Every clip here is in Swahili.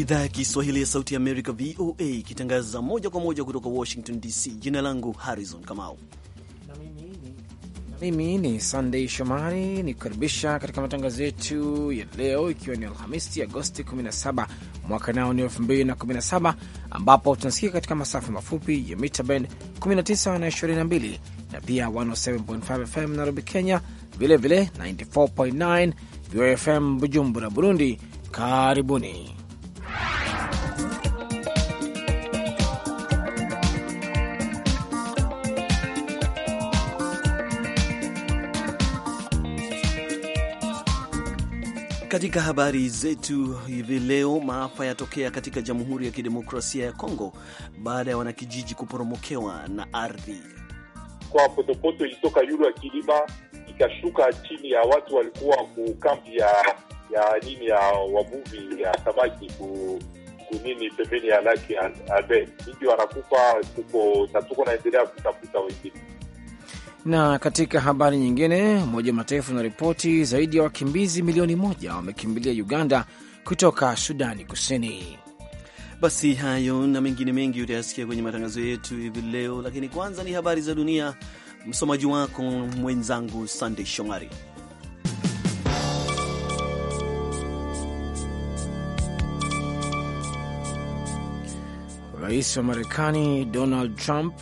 idhaa ya Kiswahili ya Sauti ya Amerika, VOA, ikitangaza moja kwa moja kutoka Washington DC. Jina langu Harrison Kamau. Mimi ni Sandei Shomari ni kukaribisha katika matangazo yetu ya leo, ikiwa ni Alhamisi Agosti 17 mwaka nao ni 2017, ambapo tunasikia katika masafa mafupi ya mita bend 19 na 22 na pia 107.5 FM Nairobi, Kenya, vilevile 94.9 VFM Bujumbura, Burundi. Karibuni. Katika habari zetu hivi leo, maafa yatokea katika Jamhuri ya Kidemokrasia ya Kongo baada ya wanakijiji kuporomokewa na ardhi. Kwa potopoto ilitoka yulu ya kilima ikashuka chini ya watu walikuwa ku ya ya nini ya wavuvi ya samaki ku kunini pembeni ya laki abe, mingi wanakufa, tuko na tuko naendelea kutafuta wengine na katika habari nyingine, Umoja wa Mataifa una ripoti zaidi ya wakimbizi milioni moja wamekimbilia Uganda kutoka Sudani Kusini. Basi hayo na mengine mengi utayasikia kwenye matangazo yetu hivi leo, lakini kwanza ni habari za dunia. Msomaji wako mwenzangu Sandey Shomari. Rais wa Marekani Donald Trump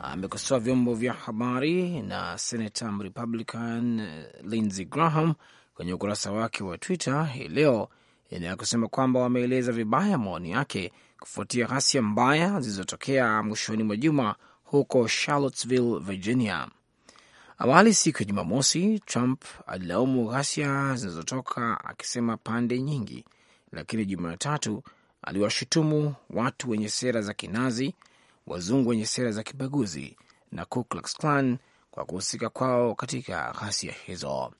amekosoa vyombo vya habari na senata Republican eh, Lindsey Graham kwenye ukurasa wake wa Twitter hii leo eh, na kusema kwamba wameeleza vibaya maoni yake kufuatia ghasia mbaya zilizotokea mwishoni mwa juma huko Charlottesville, Virginia. Awali siku ya Jumamosi, Trump alilaumu ghasia zinazotoka akisema pande nyingi, lakini Jumatatu aliwashutumu watu wenye sera za kinazi wazungu wenye sera za kibaguzi na Ku Klux Klan kwa kuhusika kwao katika ghasia hizo.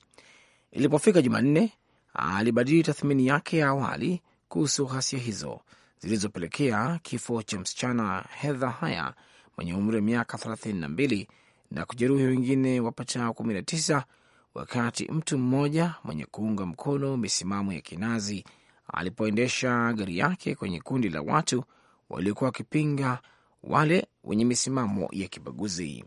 Ilipofika Jumanne, alibadili tathmini yake ya awali kuhusu ghasia hizo zilizopelekea kifo cha msichana Heather Heyer mwenye umri wa miaka 32 na kujeruhi wengine wapatao 19 wakati mtu mmoja mwenye kuunga mkono misimamo ya kinazi alipoendesha gari yake kwenye kundi la watu waliokuwa wakipinga wale wenye misimamo ya kibaguzi.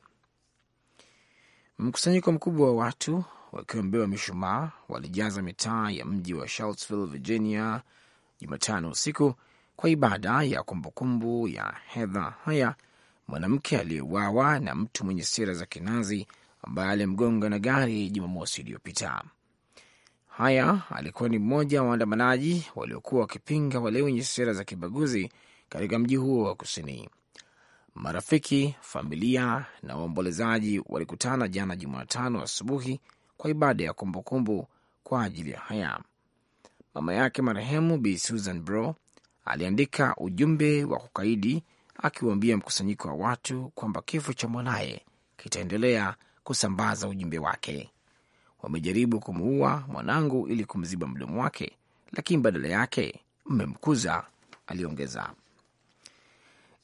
Mkusanyiko mkubwa wa watu wakiwa mishumaa walijaza mitaa ya mji wa Charlottesville, Virginia, Jumatano usiku kwa ibada ya kumbukumbu ya Heather Heyer, mwanamke aliyeuawa na mtu mwenye sera za kinazi ambaye alimgonga na gari Jumamosi iliyopita. Haya alikuwa ni mmoja wa waandamanaji waliokuwa wakipinga wale wenye sera za kibaguzi katika mji huo wa kusini. Marafiki, familia na waombolezaji walikutana jana Jumatano asubuhi kwa ibada ya kumbukumbu kumbu kwa ajili ya haya. Mama yake marehemu Bi Susan Bro aliandika ujumbe wa kukaidi akiwaambia mkusanyiko wa watu kwamba kifo cha mwanaye kitaendelea kusambaza ujumbe wake. Wamejaribu kumuua mwanangu ili kumziba mdomo wake, lakini badala yake mmemkuza, aliongeza.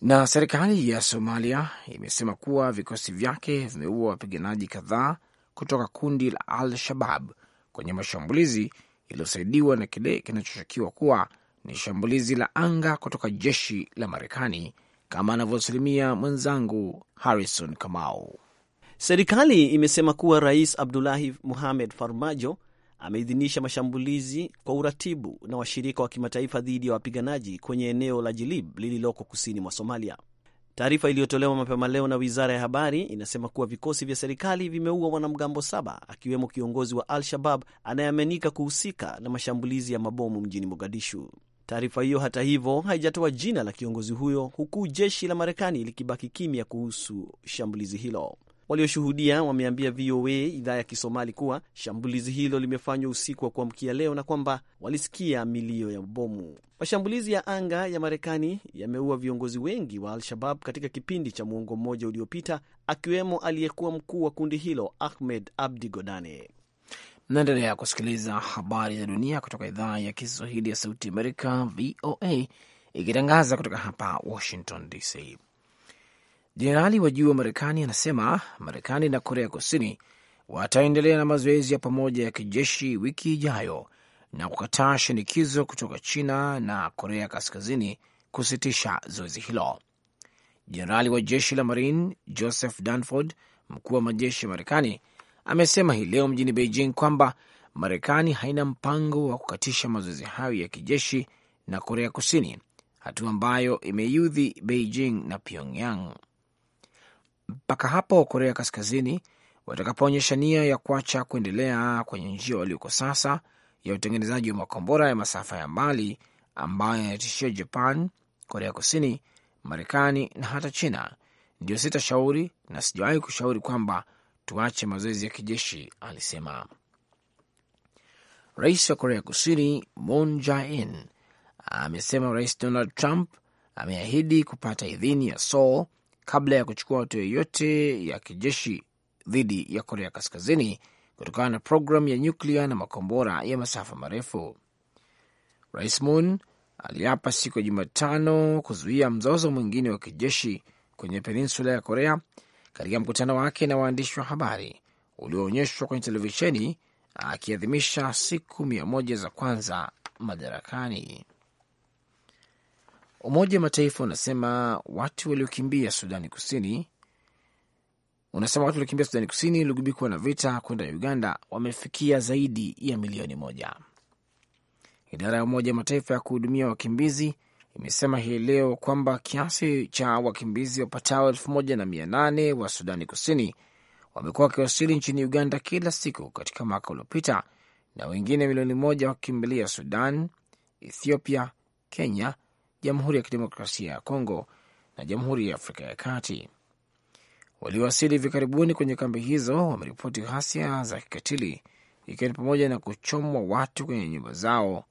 Na serikali ya Somalia imesema kuwa vikosi vyake vimeua wapiganaji kadhaa kutoka kundi la Al-Shabab kwenye mashambulizi yaliyosaidiwa na kile kinachoshukiwa kuwa ni shambulizi la anga kutoka jeshi la Marekani, kama anavyosalimia mwenzangu Harrison Kamau. Serikali imesema kuwa Rais Abdulahi Muhamed Farmajo ameidhinisha mashambulizi kwa uratibu na washirika wa kimataifa dhidi ya wapiganaji kwenye eneo la Jilib lililoko kusini mwa Somalia. Taarifa iliyotolewa mapema leo na wizara ya habari inasema kuwa vikosi vya serikali vimeua wanamgambo saba akiwemo kiongozi wa Al-Shabab anayeaminika kuhusika na mashambulizi ya mabomu mjini Mogadishu. Taarifa hiyo hata hivyo haijatoa jina la kiongozi huyo, huku jeshi la Marekani likibaki kimya kuhusu shambulizi hilo. Walioshuhudia wameambia VOA idhaa ya Kisomali kuwa shambulizi hilo limefanywa usiku wa kuamkia leo na kwamba walisikia milio ya bomu. Mashambulizi ya anga ya Marekani yameua viongozi wengi wa Al-Shabab katika kipindi cha muongo mmoja uliopita, akiwemo aliyekuwa mkuu wa kundi hilo Ahmed Abdi Godane. Naendelea kusikiliza habari za dunia kutoka idhaa ya Kiswahili ya Sauti Amerika, VOA, ikitangaza kutoka hapa Washington DC. Jenerali wa juu wa Marekani anasema Marekani na Korea Kusini wataendelea na mazoezi ya pamoja ya kijeshi wiki ijayo na kukataa shinikizo kutoka China na Korea Kaskazini kusitisha zoezi hilo. Jenerali wa jeshi la Marine Joseph Dunford, mkuu wa majeshi ya Marekani, amesema hii leo mjini Beijing kwamba Marekani haina mpango wa kukatisha mazoezi hayo ya kijeshi na Korea Kusini, hatua ambayo imeyudhi Beijing na Pyongyang mpaka hapo Korea Kaskazini watakapoonyesha nia ya kuacha kuendelea kwenye njia walioko sasa ya utengenezaji wa makombora ya masafa ya mbali ambayo yanatishia Japan, Korea Kusini, Marekani na hata China, ndio sitashauri na sijawahi kushauri kwamba tuache mazoezi ya kijeshi, alisema. Rais wa Korea Kusini Moon Jae-in amesema Rais Donald Trump ameahidi kupata idhini ya Seoul kabla ya kuchukua hatua yoyote ya kijeshi dhidi ya Korea Kaskazini kutokana na programu ya nyuklia na makombora ya masafa marefu. Rais Moon aliapa siku ya Jumatano kuzuia mzozo mwingine wa kijeshi kwenye peninsula ya Korea katika mkutano wake na waandishi wa habari ulioonyeshwa kwenye televisheni akiadhimisha siku mia moja za kwanza madarakani. Umoja wa Mataifa unasema watu waliokimbia Sudani Kusini unasema watu waliokimbia Sudani Kusini iliyogubikwa na vita kwenda Uganda wamefikia zaidi ya milioni moja. Idara ya Umoja wa Mataifa ya kuhudumia wakimbizi imesema hii leo kwamba kiasi cha wakimbizi wapatao elfu moja na mia nane wa Sudani Kusini wamekuwa wakiwasili nchini Uganda kila siku katika mwaka uliopita, na wengine milioni moja wakikimbilia Sudan, Ethiopia, Kenya, Jamhuri ya Kidemokrasia ya Kongo na Jamhuri ya Afrika ya Kati. Waliowasili hivi karibuni kwenye kambi hizo wameripoti ghasia za kikatili, ikiwa ni pamoja na kuchomwa watu kwenye nyumba zao,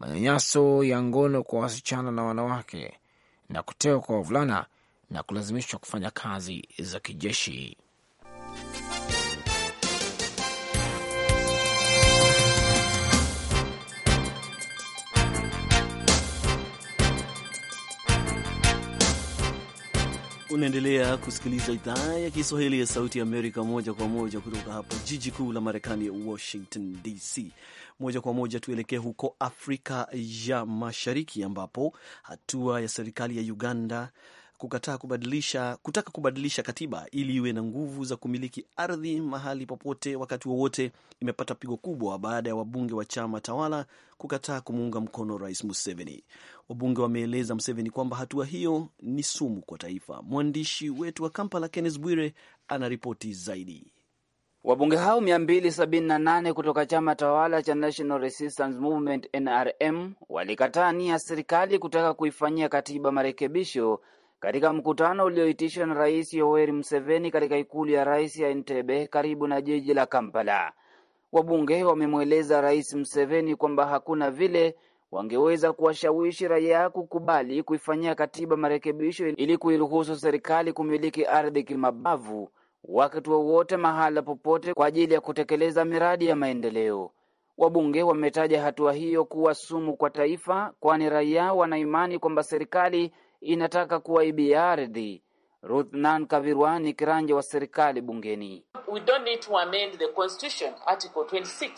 manyanyaso ya ngono kwa wasichana na wanawake, na kutewa kwa wavulana na kulazimishwa kufanya kazi za kijeshi. Unaendelea kusikiliza idhaa ya Kiswahili ya Sauti ya Amerika moja kwa moja kutoka hapa jiji kuu la Marekani, Washington DC. Moja kwa moja tuelekee huko Afrika ya Mashariki, ambapo hatua ya serikali ya Uganda kukataa kubadilisha, kutaka kubadilisha katiba ili iwe na nguvu za kumiliki ardhi mahali popote wakati wowote, imepata pigo kubwa baada ya wabunge wa chama tawala kukataa kumuunga mkono Rais Museveni. Wabunge wameeleza Museveni kwamba hatua hiyo ni sumu kwa taifa. Mwandishi wetu wa Kampala Kenneth Bwire anaripoti zaidi. Wabunge hao 278 kutoka chama tawala cha National Resistance Movement NRM walikataa nia ya serikali kutaka kuifanyia katiba marekebisho katika mkutano ulioitishwa na Rais Yoweri Museveni katika ikulu ya rais ya Entebbe karibu na jiji la Kampala. Wabunge wamemweleza Rais Museveni kwamba hakuna vile wangeweza kuwashawishi raia kukubali kuifanyia katiba marekebisho ili kuiruhusu serikali kumiliki ardhi kimabavu wakati wowote, mahala popote, kwa ajili ya kutekeleza miradi ya maendeleo. Wabunge wametaja hatua hiyo kuwa sumu kwa taifa, kwani raia wanaimani kwamba serikali inataka kuwaibia ardhi. Ruthnan Kavirwa ni kiranja wa serikali bungeni. We don't need to amend the constitution, article 26.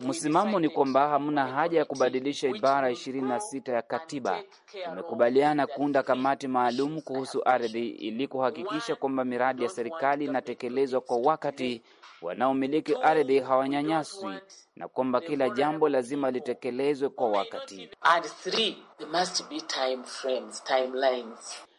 Msimamo ni kwamba hamna haja ya kubadilisha ibara 26 ya katiba. Tumekubaliana kuunda kamati maalum kuhusu ardhi ili kuhakikisha kwamba miradi ya serikali inatekelezwa kwa wakati wanaomiliki ardhi hawanyanyaswi na kwamba kila jambo lazima litekelezwe kwa wakati.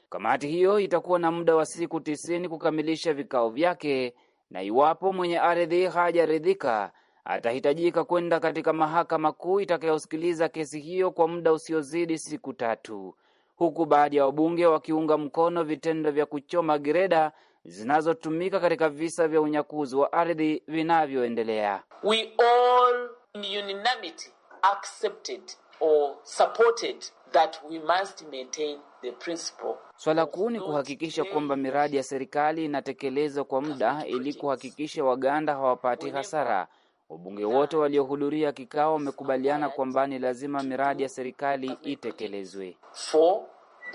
Kamati hiyo itakuwa na muda wa siku tisini kukamilisha vikao vyake, na iwapo mwenye ardhi hajaridhika atahitajika kwenda katika mahakama kuu itakayosikiliza kesi hiyo kwa muda usiozidi siku tatu, huku baadhi ya wabunge wakiunga mkono vitendo vya kuchoma gereda zinazotumika katika visa vya unyakuzi wa ardhi vinavyoendelea. We all in unanimity accepted or supported that we must maintain the principle. Swala kuu ni kuhakikisha kwamba miradi ya serikali inatekelezwa kwa muda ili kuhakikisha Waganda hawapati hasara. Wabunge wote waliohudhuria kikao wamekubaliana kwamba ni lazima miradi ya serikali itekelezwe. For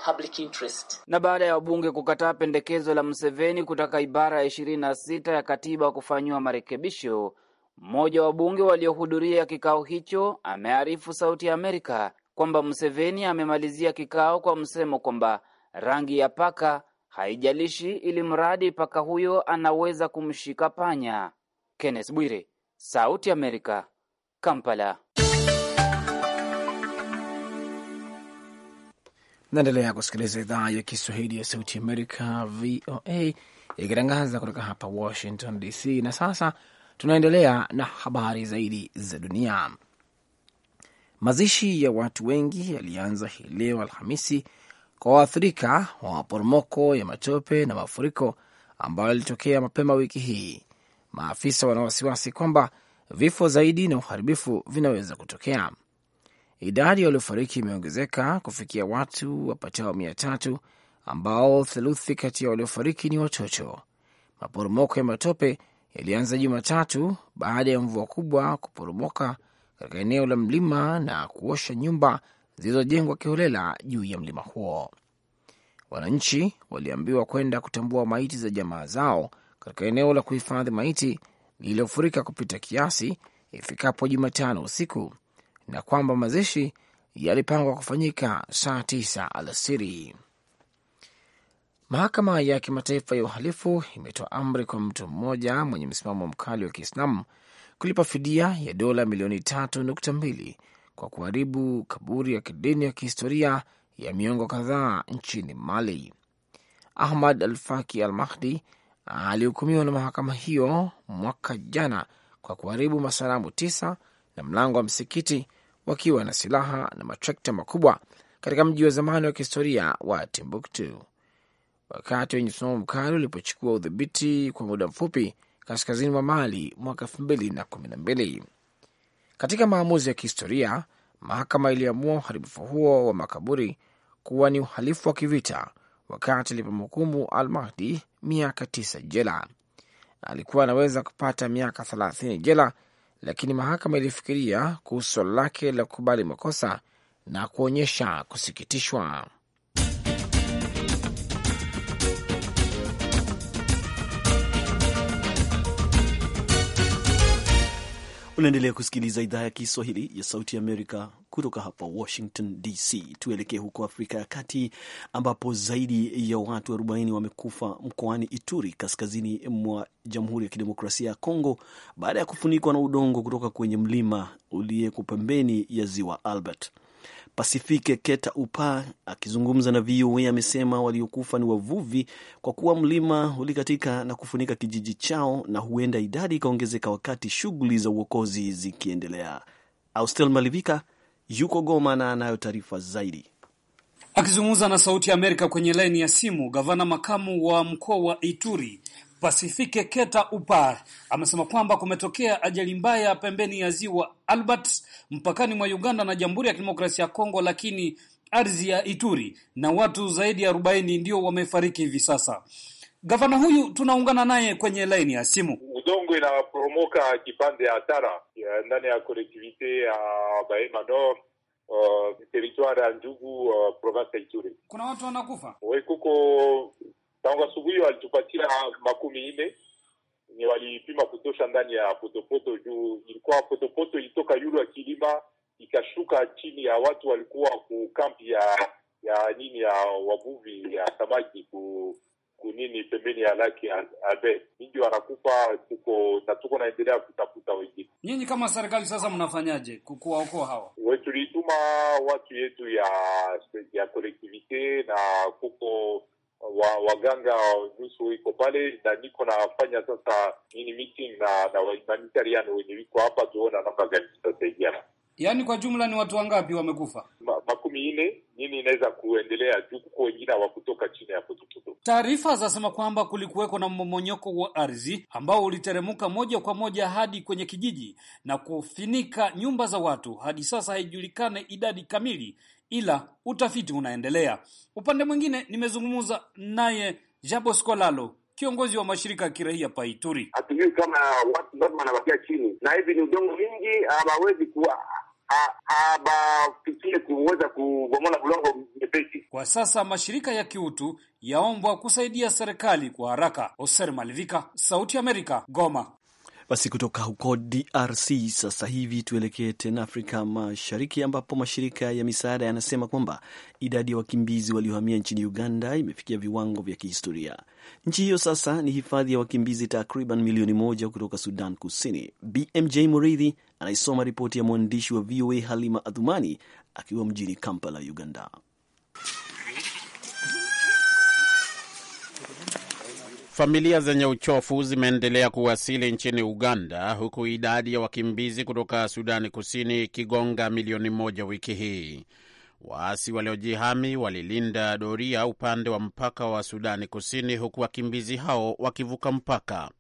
public interest. Na baada ya wabunge kukataa pendekezo la Mseveni kutaka ibara ya ishirini na sita ya katiba kufanyiwa marekebisho, mmoja wa wabunge waliohudhuria kikao hicho amearifu Sauti ya Amerika kwamba Mseveni amemalizia kikao kwa msemo kwamba rangi ya paka haijalishi, ili mradi paka huyo anaweza kumshika panya. Kenneth Bwire, Sauti ya Amerika, Kampala. Naendelea kusikiliza idhaa ya Kiswahili ya Sauti Amerika, VOA, ikitangaza kutoka hapa Washington DC. Na sasa tunaendelea na habari zaidi za dunia. Mazishi ya watu wengi yalianza hii leo Alhamisi kwa waathirika wa maporomoko ya matope na mafuriko ambayo yalitokea mapema wiki hii. Maafisa wana wasiwasi kwamba vifo zaidi na uharibifu vinaweza kutokea. Idadi waliofariki imeongezeka kufikia watu wapatao mia tatu ambao theluthi kati ya waliofariki ni watoto. Maporomoko ya matope yalianza Jumatatu baada ya mvua kubwa kuporomoka katika eneo la mlima na kuosha nyumba zilizojengwa kiholela juu ya mlima huo. Wananchi waliambiwa kwenda kutambua maiti za jamaa zao katika eneo la kuhifadhi maiti lililofurika kupita kiasi ifikapo Jumatano usiku na kwamba mazishi yalipangwa kufanyika saa tisa alasiri. Mahakama ya Kimataifa ya Uhalifu imetoa amri kwa mtu mmoja mwenye msimamo mkali wa Kiislamu kulipa fidia ya dola milioni tatu nukta mbili kwa kuharibu kaburi ya kidini ya kihistoria ya miongo kadhaa nchini Mali. Ahmad Al Faki Al Mahdi alihukumiwa na mahakama hiyo mwaka jana kwa kuharibu masanamu tisa na mlango wa msikiti wakiwa na silaha na matrekta makubwa katika mji wa zamani wa kihistoria wa Timbuktu. Wakati wenye msimamo mkali ulipochukua udhibiti kwa muda mfupi kaskazini mwa Mali mwaka elfu mbili na kumi na mbili. Katika maamuzi ya kihistoria, mahakama iliamua uharibifu huo wa makaburi kuwa ni uhalifu wa kivita, wakati alipomhukumu Al Mahdi miaka tisa jela. Alikuwa anaweza kupata miaka thelathini jela lakini mahakama ilifikiria kuhusu swala lake la kukubali makosa na kuonyesha kusikitishwa. Unaendelea kusikiliza idhaa ya Kiswahili ya Sauti Amerika kutoka hapa Washington DC. Tuelekee huko Afrika ya Kati, ambapo zaidi ya watu 40 wamekufa mkoani Ituri, kaskazini mwa Jamhuri ya Kidemokrasia ya Kongo, baada ya kufunikwa na udongo kutoka kwenye mlima uliyeko pembeni ya ziwa Albert. Pasifike Keta Upa akizungumza na VOA amesema waliokufa ni wavuvi kwa kuwa mlima ulikatika na kufunika kijiji chao na huenda idadi ikaongezeka wakati shughuli za uokozi zikiendelea. Austel Malivika yuko Goma na anayo taarifa zaidi. Akizungumza na Sauti ya Amerika kwenye laini ya simu, gavana makamu wa mkoa wa Ituri Pasifike Keta Upa amesema kwamba kumetokea ajali mbaya pembeni ya ziwa Albert mpakani mwa Uganda na Jamhuri ya Kidemokrasia ya Kongo, lakini ardhi ya Ituri na watu zaidi ya 40 ndio wamefariki hivi sasa. Gavana huyu tunaungana naye kwenye laini ya simu. Udongo inaporomoka kipande ya Tara ndani ya kolektivite ya Bahema Nord uh, teritwari ya Njugu uh, provinsi ya Ituri. Kuna watu wanakufa, kuko Tangu asubuhi walitupatia makumi nne ni walipima kutosha ndani ya potopoto juu ilikuwa potopoto ilitoka yulu ya kilima ikashuka chini ya watu walikuwa ku kampi ya ya nini ya wavuvi ya samaki ku kunini pembeni ya laki Albert, mingi wanakufa, tuko na tuko naendelea kutafuta wengine. Nyinyi kama serikali sasa mnafanyaje kuwaokoa hawa? We tulituma watu yetu ya ya kolektivite na kuko wa waganga nusu iko pale na niko nafanya sasa nini meeting na na humanitarian wenye wiko hapa, tuona namna gani tutasaidiana. Yaani kwa jumla ni watu wangapi wamekufa? Ma, makumi nne. Nini inaweza kuendelea juu kuko wengine kutoka chini ya potopoto. Taarifa zasema kwamba kulikuweko na mmomonyoko wa ardhi ambao uliteremuka moja kwa moja hadi kwenye kijiji na kufinika nyumba za watu. Hadi sasa haijulikane idadi kamili ila utafiti unaendelea. Upande mwingine, nimezungumza naye Jabo Skolalo kiongozi wa mashirika ya kiraia paituri Hatujui kama watu bado wanabakia chini, na hivi ni udongo mingi, hawawezi kuwa habafikie kuweza kugomola bulongo nyepesi. Kwa sasa mashirika ya kiutu yaombwa kusaidia serikali kwa haraka. Oser Malivika, Sauti ya Amerika, Goma. Basi kutoka huko DRC sasa hivi tuelekee tena Afrika Mashariki, ambapo mashirika ya misaada yanasema kwamba idadi ya wakimbizi waliohamia nchini Uganda imefikia viwango vya kihistoria. Nchi hiyo sasa ni hifadhi ya wakimbizi takriban milioni moja kutoka Sudan Kusini. BMJ Muridhi anaisoma ripoti ya mwandishi wa VOA Halima Adhumani akiwa mjini Kampala, Uganda. Familia zenye uchofu zimeendelea kuwasili nchini Uganda, huku idadi ya wakimbizi kutoka Sudani Kusini ikigonga milioni moja wiki hii. Waasi waliojihami walilinda doria upande wa mpaka wa Sudani Kusini, huku wakimbizi hao wakivuka mpaka.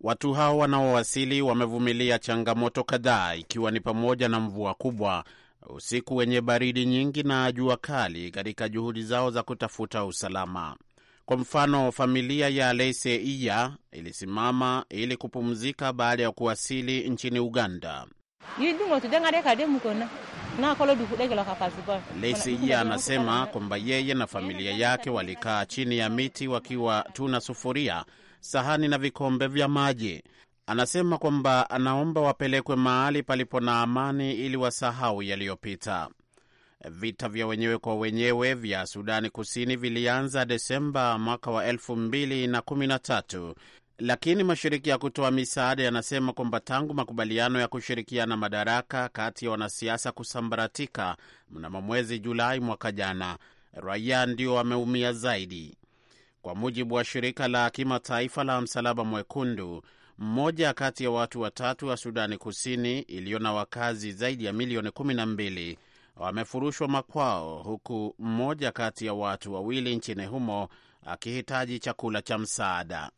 Watu hao wanaowasili wamevumilia changamoto kadhaa, ikiwa ni pamoja na mvua kubwa, usiku wenye baridi nyingi na jua kali, katika juhudi zao za kutafuta usalama. Kwa mfano, familia ya Iya ilisimama ili kupumzika baada ya kuwasili nchini Uganda. Iya anasema kwamba yeye na familia yake walikaa chini ya miti wakiwa tuna sufuria, sahani na vikombe vya maji. Anasema kwamba anaomba wapelekwe mahali palipo na amani ili wasahau yaliyopita. Vita vya wenyewe kwa wenyewe vya Sudani Kusini vilianza Desemba mwaka wa 2013 lakini mashirika ya kutoa misaada yanasema kwamba tangu makubaliano ya kushirikiana madaraka kati ya wanasiasa kusambaratika mnamo mwezi Julai mwaka jana, raia ndio wameumia zaidi. Kwa mujibu wa shirika la kimataifa la Msalaba Mwekundu, mmoja kati ya watu watatu wa Sudani Kusini iliyo na wakazi zaidi ya milioni 12 wamefurushwa makwao, huku mmoja kati ya watu wawili nchini humo akihitaji chakula cha msaada.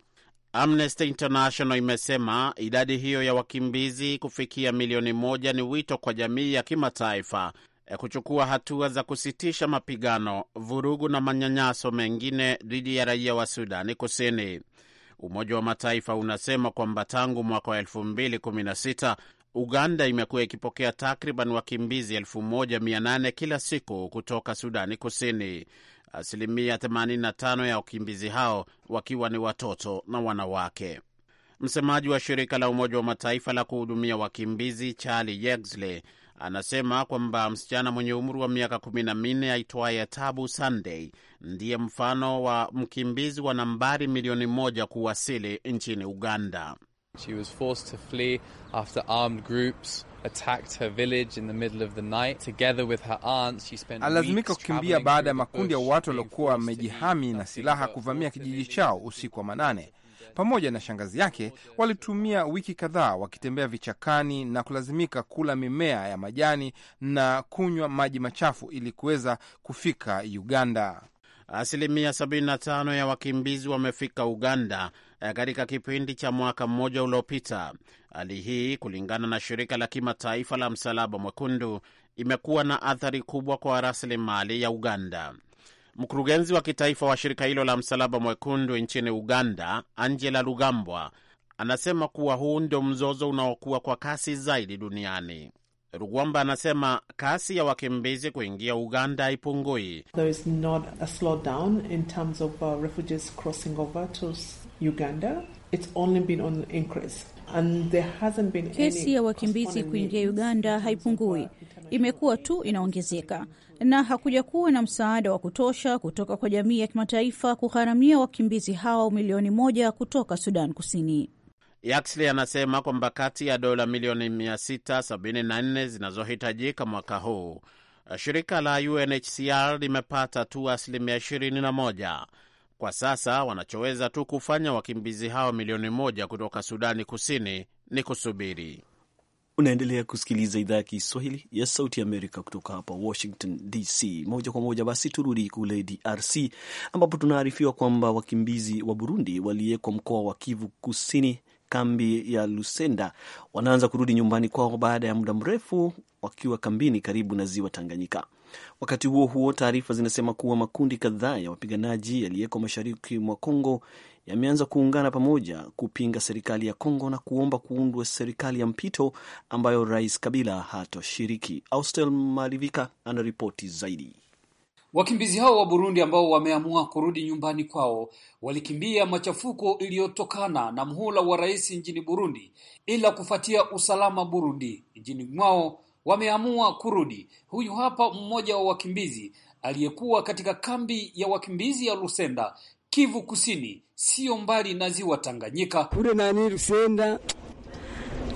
Amnesty International imesema idadi hiyo ya wakimbizi kufikia milioni moja ni wito kwa jamii ya kimataifa eh, kuchukua hatua za kusitisha mapigano, vurugu na manyanyaso mengine dhidi ya raia wa Sudani Kusini. Umoja wa Mataifa unasema kwamba tangu mwaka wa Uganda imekuwa ikipokea takriban wakimbizi 1800 kila siku kutoka Sudani Kusini, asilimia 85 ya wakimbizi hao wakiwa ni watoto na wanawake. Msemaji wa shirika la Umoja wa Mataifa la kuhudumia wakimbizi Charlie Yexley anasema kwamba msichana mwenye umri wa miaka 14 aitwaye Tabu Sunday ndiye mfano wa mkimbizi wa nambari milioni moja kuwasili nchini Uganda. She was forced to flee after armed groups attacked her village in the middle of the night. Together with her aunts, she spent alazimika kukimbia baada ya makundi ya watu waliokuwa wamejihami na silaha kuvamia kijiji chao usiku wa manane. Pamoja na shangazi yake walitumia wiki kadhaa wakitembea vichakani na kulazimika kula mimea ya majani na kunywa maji machafu ili kuweza kufika Uganda. Asilimia 75 ya wakimbizi wamefika Uganda Eh, katika kipindi cha mwaka mmoja uliopita. Hali hii, kulingana na shirika la kimataifa la Msalaba Mwekundu, imekuwa na athari kubwa kwa rasilimali ya Uganda. Mkurugenzi wa kitaifa wa shirika hilo la Msalaba Mwekundu nchini Uganda, Angela Lugambwa, anasema kuwa huu ndio mzozo unaokuwa kwa kasi zaidi duniani. Rugwamba anasema kasi ya wakimbizi kuingia Uganda haipungui. There is not a slowdown in terms of uh, refugees crossing over to Uganda, it's only been on increase. And there hasn't been kesi ya wakimbizi kuingia Uganda haipungui, imekuwa tu inaongezeka, na hakuja kuwa na msaada wa kutosha kutoka kwa jamii ya kimataifa kugharamia wakimbizi hao milioni moja kutoka Sudan Kusini. Yaxley anasema kwamba kati ya dola milioni 674 zinazohitajika mwaka huu, shirika la UNHCR limepata tu asilimia 21. Kwa sasa wanachoweza tu kufanya wakimbizi hao milioni moja kutoka Sudani Kusini ni kusubiri. Unaendelea kusikiliza idhaa ya Kiswahili ya Sauti ya Amerika kutoka hapa Washington DC moja kwa moja. Basi turudi kule DRC ambapo tunaarifiwa kwamba wakimbizi wa Burundi waliyekwa mkoa wa Kivu Kusini, kambi ya Lusenda, wanaanza kurudi nyumbani kwao baada ya muda mrefu wakiwa kambini karibu na ziwa Tanganyika. Wakati huo huo, taarifa zinasema kuwa makundi kadhaa ya wapiganaji yaliyeko mashariki mwa Kongo yameanza kuungana pamoja kupinga serikali ya Kongo na kuomba kuundwa serikali ya mpito ambayo Rais Kabila hatoshiriki. Austel Malivika anaripoti zaidi. Wakimbizi hao wa Burundi ambao wameamua kurudi nyumbani kwao walikimbia machafuko iliyotokana na mhula wa rais nchini Burundi, ila kufuatia usalama Burundi nchini mwao wameamua kurudi. Huyu hapa mmoja wa wakimbizi aliyekuwa katika kambi ya wakimbizi ya Lusenda, Kivu Kusini, sio mbali na ziwa Tanganyika kule nani Lusenda.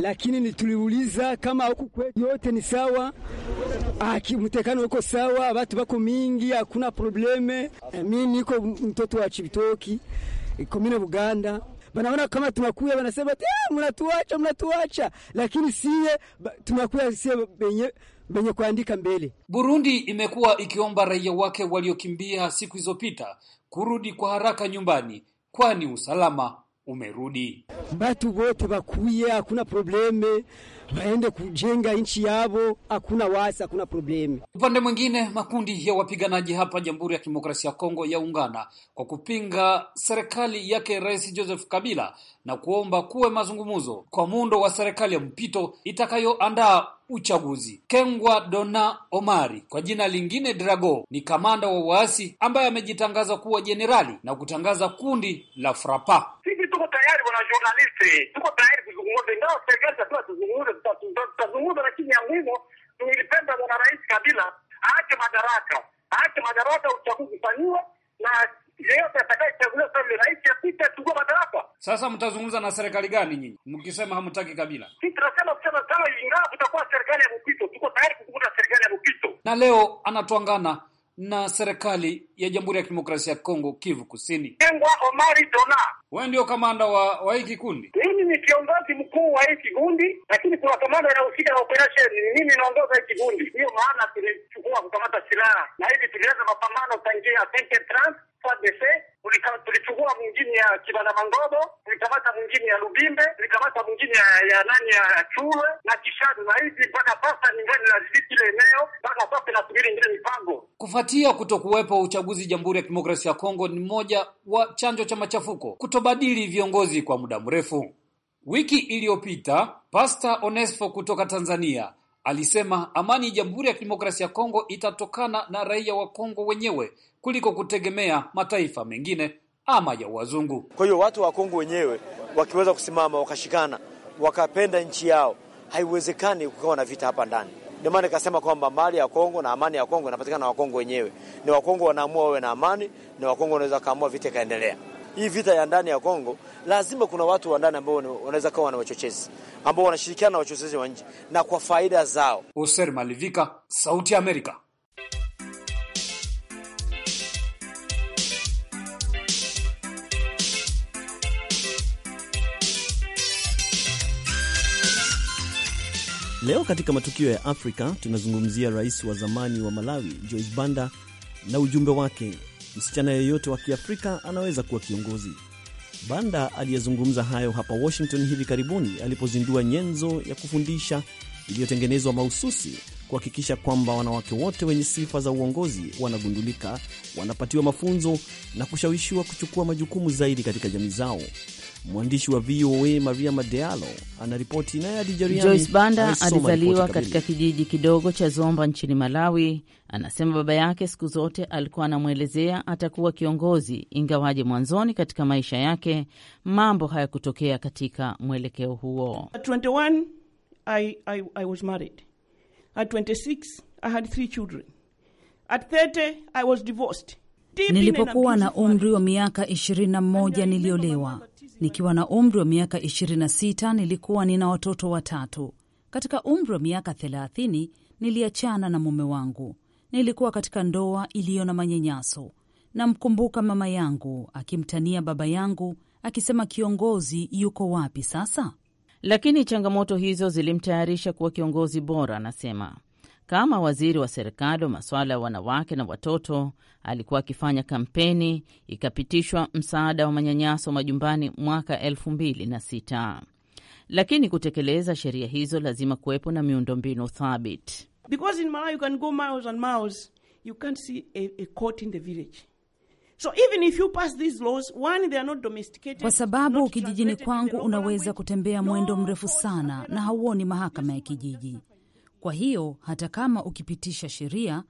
Lakini nituliuliza kama huku kweli yote ni sawa, mtekano uko sawa, watu wako mingi, hakuna probleme. Eh, mimi niko mtoto wa Chibitoki, komine Buganda wanaona kama tumakuya wanasema ah, mnatuacha, mnatuacha, lakini siye tumakuya sie benye benye kuandika mbele. Burundi imekuwa ikiomba raia wake waliokimbia siku hizopita kurudi kwa haraka nyumbani, kwani usalama umerudi. Batu wote bakuye, hakuna probleme, waende kujenga nchi yabo, hakuna wasi, hakuna probleme. Upande mwingine, makundi ya wapiganaji hapa Jamhuri ya Kidemokrasia ya Kongo yaungana kwa kupinga serikali yake Rais Joseph Kabila na kuomba kuwe mazungumzo kwa muundo wa serikali ya mpito itakayoandaa uchaguzi. Kengwa Dona Omari, kwa jina lingine Drago, ni kamanda wa waasi ambaye amejitangaza kuwa jenerali na kutangaza kundi la Frapa. Sisi tuko tayari, wana journalisti, tuko tayari kuzungumza, ingawa serikali tatua tuzungumze, tutazungumza, lakini ya muhimu tungelipenda bwana Rais Kabila aache madaraka, aache madaraka, uchaguzi ufanyiwe na yeyote atakayechaguliwa sasa rais apite, achukua madaraka. Sasa mtazungumza na serikali gani nyinyi mkisema hamtaki Kabila? na leo anatwangana na serikali ya Jamhuri ya Kidemokrasia ya Kongo, Kivu Kusini. Engwa Omari Dona, wewe ndio kamanda wa, wa hii kikundi? Mimi ni kiongozi mkuu wa hii kikundi, lakini kuna kamanda anahusika na operation. Mimi naongoza hii kikundi, hiyo maana tulichukua kukamata silaha na hivi tulianza mapambano tangia tulichukua mwingine ya Kibanda Mangobo, tulikamata mwingine ya Lubimbe, tulikamata mwingine ya nani ya chule na Kishadu, na hizi mpaka sasa ningali naziliki ile eneo mpaka sasa nasubiri ingine mipango. Kufuatia kutokuwepo uchaguzi Jamhuri ya Kidemokrasia ya Kongo ni mmoja wa chanjo cha machafuko, kutobadili viongozi kwa muda mrefu. Wiki iliyopita Pasta Onesfo kutoka Tanzania Alisema amani ya Jamhuri ya Kidemokrasia ya Kongo itatokana na raia wa Kongo wenyewe kuliko kutegemea mataifa mengine ama ya wazungu. Kwa hiyo watu wa Kongo wenyewe wakiweza kusimama, wakashikana, wakapenda nchi yao, haiwezekani kukawa na vita hapa ndani. Ndio maana nikasema kwamba mali ya Kongo na amani ya Kongo inapatikana na Wakongo wenyewe. Ni Wakongo wanaamua wawe na amani, ni Wakongo wanaweza kaamua vita ikaendelea hii vita ya ndani ya Kongo, lazima kuna watu wa ndani ambao wanaweza kuwa na wachochezi ambao wanashirikiana na wachochezi wa nje na kwa faida zao. Oser Malivika, Sauti ya Amerika. Leo katika matukio ya Afrika tunazungumzia rais wa zamani wa Malawi Joyce Banda na ujumbe wake msichana yeyote wa Kiafrika anaweza kuwa kiongozi. Banda aliyezungumza hayo hapa Washington hivi karibuni alipozindua nyenzo ya kufundisha iliyotengenezwa mahususi kuhakikisha kwamba wanawake wote wenye sifa za uongozi wanagundulika, wanapatiwa mafunzo na kushawishiwa kuchukua majukumu zaidi katika jamii zao. Mwandishi wa VOA Maria Madealo anaripoti, naye Adijariani Joyce Banda alizaliwa katika kijiji kidogo cha Zomba nchini Malawi. Anasema baba yake siku zote alikuwa anamwelezea atakuwa kiongozi, ingawaje mwanzoni katika maisha yake mambo hayakutokea katika mwelekeo huo. At 21, I, I, I was married. At 26, I had three children. At 30, I was divorced. Nilipokuwa na umri wa miaka 21 niliolewa Nikiwa na umri wa miaka 26 nilikuwa nina watoto watatu. Katika umri wa miaka 30 niliachana na mume wangu. Nilikuwa katika ndoa iliyo na manyanyaso. Namkumbuka mama yangu akimtania baba yangu akisema, kiongozi yuko wapi sasa? Lakini changamoto hizo zilimtayarisha kuwa kiongozi bora, anasema. Kama waziri wa serikali wa masuala ya wanawake na watoto, alikuwa akifanya kampeni, ikapitishwa msaada wa manyanyaso majumbani mwaka elfu mbili na sita, lakini kutekeleza sheria hizo lazima kuwepo na miundombinu thabiti. So even if you pass these laws, one, they are not domesticated. Kwa sababu kijijini kwangu unaweza kutembea mwendo mrefu sana na hauoni mahakama ya kijiji. Kwa hiyo hata kama ukipitisha sheria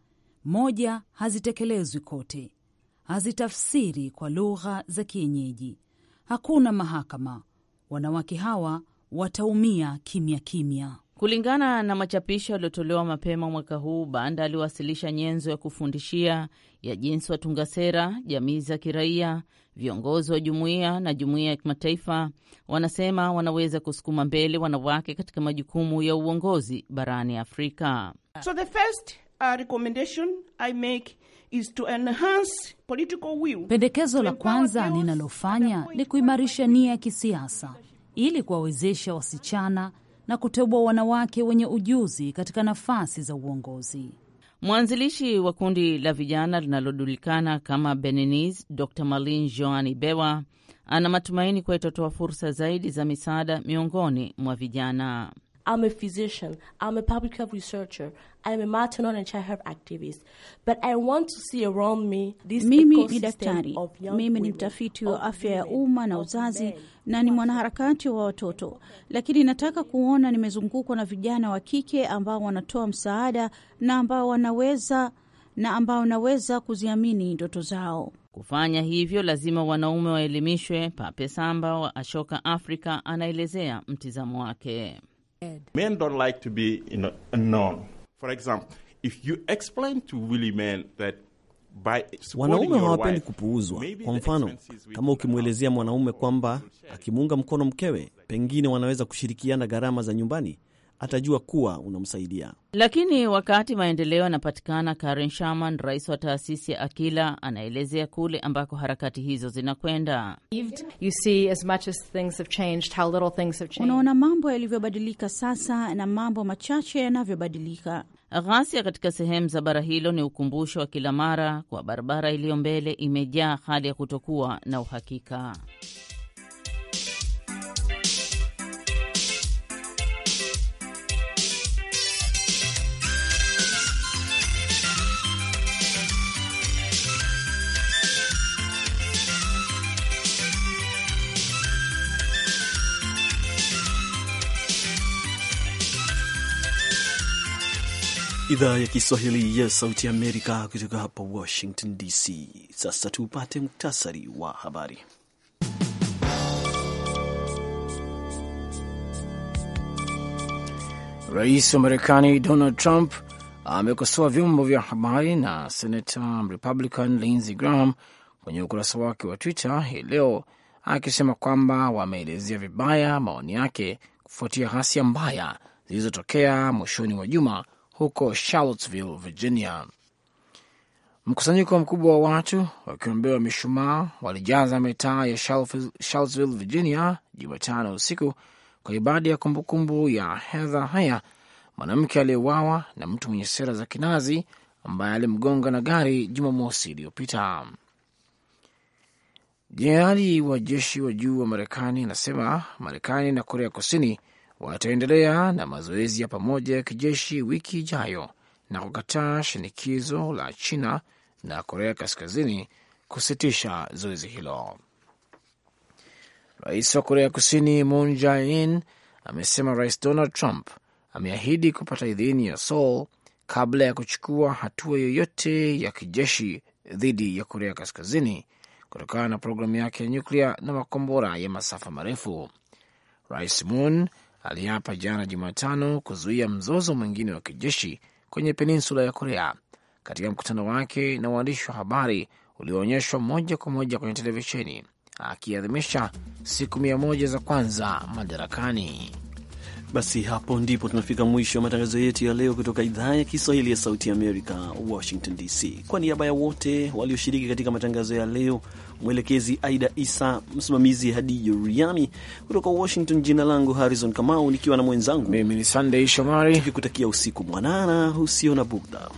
moja, hazitekelezwi kote, hazitafsiri kwa lugha za kienyeji, hakuna mahakama. Wanawake hawa wataumia kimya kimya. Kulingana na machapisho yaliyotolewa mapema mwaka huu, Banda aliwasilisha nyenzo ya kufundishia ya jinsi watunga sera, jamii za kiraia, viongozi wa jumuiya na jumuiya ya kimataifa wanasema wanaweza kusukuma mbele wanawake katika majukumu ya uongozi barani Afrika. So the first, uh, recommendation I make is to enhance political will. Pendekezo la kwanza ninalofanya ni kuimarisha nia ya kisiasa ili kuwawezesha wasichana na kuteua wanawake wenye ujuzi katika nafasi za uongozi. Mwanzilishi wa kundi la vijana linalojulikana kama Beninese, Dr Malin Joani Bewa ana matumaini kuwa itatoa fursa zaidi za misaada miongoni mwa vijana. I'm a physician, I'm a public health researcher, I'm a maternal and child health activist, but I want to see around me this mimi ni daktari, mimi ni mtafiti wa afya ya umma na uzazi na ni mwanaharakati wa watoto, lakini nataka kuona nimezungukwa na vijana wa kike ambao wanatoa msaada na ambao wanaweza na ambao naweza kuziamini ndoto zao. Kufanya hivyo lazima wanaume waelimishwe. Pape Samba wa Ashoka Afrika anaelezea mtizamo wake. Men don't like to be unknown. For example, if you explain to willy men that Wanaume hawapendi kupuuzwa. Kwa mfano, kama ukimwelezea mwanaume kwamba akimuunga mkono mkewe, pengine wanaweza kushirikiana gharama za nyumbani atajua kuwa unamsaidia. Lakini wakati maendeleo yanapatikana, Karen sharman rais wa taasisi ya Akila, anaelezea kule ambako harakati hizo zinakwenda. Unaona mambo yalivyobadilika sasa na mambo machache yanavyobadilika. Ghasia katika sehemu za bara hilo ni ukumbusho wa kila mara kwa barabara iliyo mbele imejaa hali ya kutokuwa na uhakika. idhaa ya Kiswahili ya Sauti Amerika kutoka hapa Washington DC. Sasa tupate muktasari wa habari. Rais wa Marekani Donald Trump amekosoa vyombo vya habari na senata Republican Lindsey Graham kwenye ukurasa wake wa Twitter hii leo akisema kwamba wameelezea vibaya maoni yake kufuatia ghasia mbaya zilizotokea mwishoni mwa juma huko Charlottesville, Virginia. Mkusanyiko mkubwa wa watu wakiombewa mishumaa walijaza mitaa ya Charlottesville, Virginia Jumatano usiku kwa ibada ya kumbukumbu ya Heather Heyer, mwanamke aliyeuawa na mtu mwenye sera za kinazi ambaye alimgonga na gari Jumamosi iliyopita. Jenerali wa jeshi wa juu wa Marekani anasema Marekani na Korea Kusini wataendelea na mazoezi ya pamoja ya kijeshi wiki ijayo na kukataa shinikizo la China na Korea Kaskazini kusitisha zoezi hilo. Rais wa Korea Kusini Moon Jae-in amesema Rais Donald Trump ameahidi kupata idhini ya Seoul kabla ya kuchukua hatua yoyote ya kijeshi dhidi ya Korea Kaskazini kutokana na programu yake ya nyuklia na makombora ya masafa marefu. Rais Moon aliapa jana Jumatano kuzuia mzozo mwingine wa kijeshi kwenye peninsula ya Korea katika mkutano wake na waandishi wa habari ulioonyeshwa moja kwa moja kwenye televisheni akiadhimisha siku mia moja za kwanza madarakani. Basi hapo ndipo tunafika mwisho wa matangazo yetu ya leo kutoka idhaa ya Kiswahili ya Sauti Amerika, Washington DC. Kwa niaba ya wote walioshiriki katika matangazo ya leo, mwelekezi Aida Isa, msimamizi Hadi Yuriami kutoka Washington, jina langu Harrison Kamau nikiwa na mwenzangu mimi ni Sandey Shomari, tukikutakia usiku mwanana usio na bugdha.